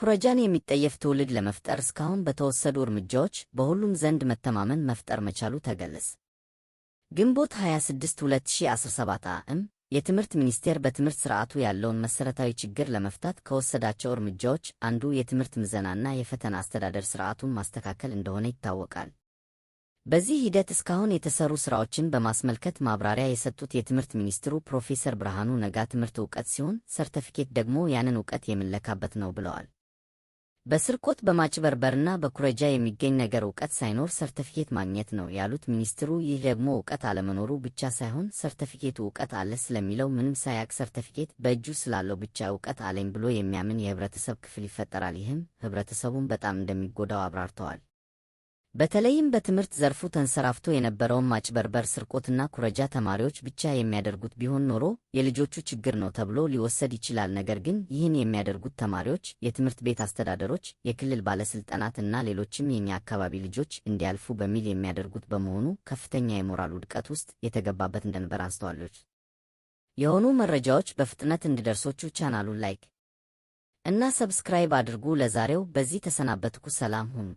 ኩረጃን የሚጠየፍ ትውልድ ለመፍጠር እስካሁን በተወሰዱ እርምጃዎች በሁሉም ዘንድ መተማመን መፍጠር መቻሉ ተገለጸ። ግንቦት 26 2017 ዓ.ም የትምህርት ሚኒስቴር በትምህርት ስርዓቱ ያለውን መሰረታዊ ችግር ለመፍታት ከወሰዳቸው እርምጃዎች አንዱ የትምህርት ምዘናና የፈተና አስተዳደር ስርዓቱን ማስተካከል እንደሆነ ይታወቃል። በዚህ ሂደት እስካሁን የተሰሩ ስራዎችን በማስመልከት ማብራሪያ የሰጡት የትምህርት ሚኒስትሩ ፕሮፌሰር ብርሃኑ ነጋ ትምህርት እውቀት ሲሆን ሰርተፊኬት ደግሞ ያንን እውቀት የምንለካበት ነው ብለዋል። በስርቆት በማጭበርበርና በኩረጃ የሚገኝ ነገር እውቀት ሳይኖር ሰርተፊኬት ማግኘት ነው ያሉት ሚኒስትሩ፣ ይህ ደግሞ እውቀት አለመኖሩ ብቻ ሳይሆን ሰርተፊኬቱ እውቀት አለ ስለሚለው ምንም ሳያቅ ሰርተፊኬት በእጁ ስላለው ብቻ እውቀት አለኝ ብሎ የሚያምን የህብረተሰብ ክፍል ይፈጠራል። ይህም ህብረተሰቡን በጣም እንደሚጎዳው አብራርተዋል። በተለይም በትምህርት ዘርፉ ተንሰራፍቶ የነበረውን ማጭበርበር፣ ስርቆትና ኩረጃ ተማሪዎች ብቻ የሚያደርጉት ቢሆን ኖሮ የልጆቹ ችግር ነው ተብሎ ሊወሰድ ይችላል። ነገር ግን ይህን የሚያደርጉት ተማሪዎች የትምህርት ቤት አስተዳደሮች፣ የክልል ባለስልጣናት እና ሌሎችም የኛ አካባቢ ልጆች እንዲያልፉ በሚል የሚያደርጉት በመሆኑ ከፍተኛ የሞራል ውድቀት ውስጥ የተገባበት እንደነበር አንስተዋለች። የሆኑ መረጃዎች በፍጥነት እንዲደርሶቹ ቻናሉን ላይክ እና ሰብስክራይብ አድርጉ። ለዛሬው በዚህ ተሰናበትኩ። ሰላም ሁኑ።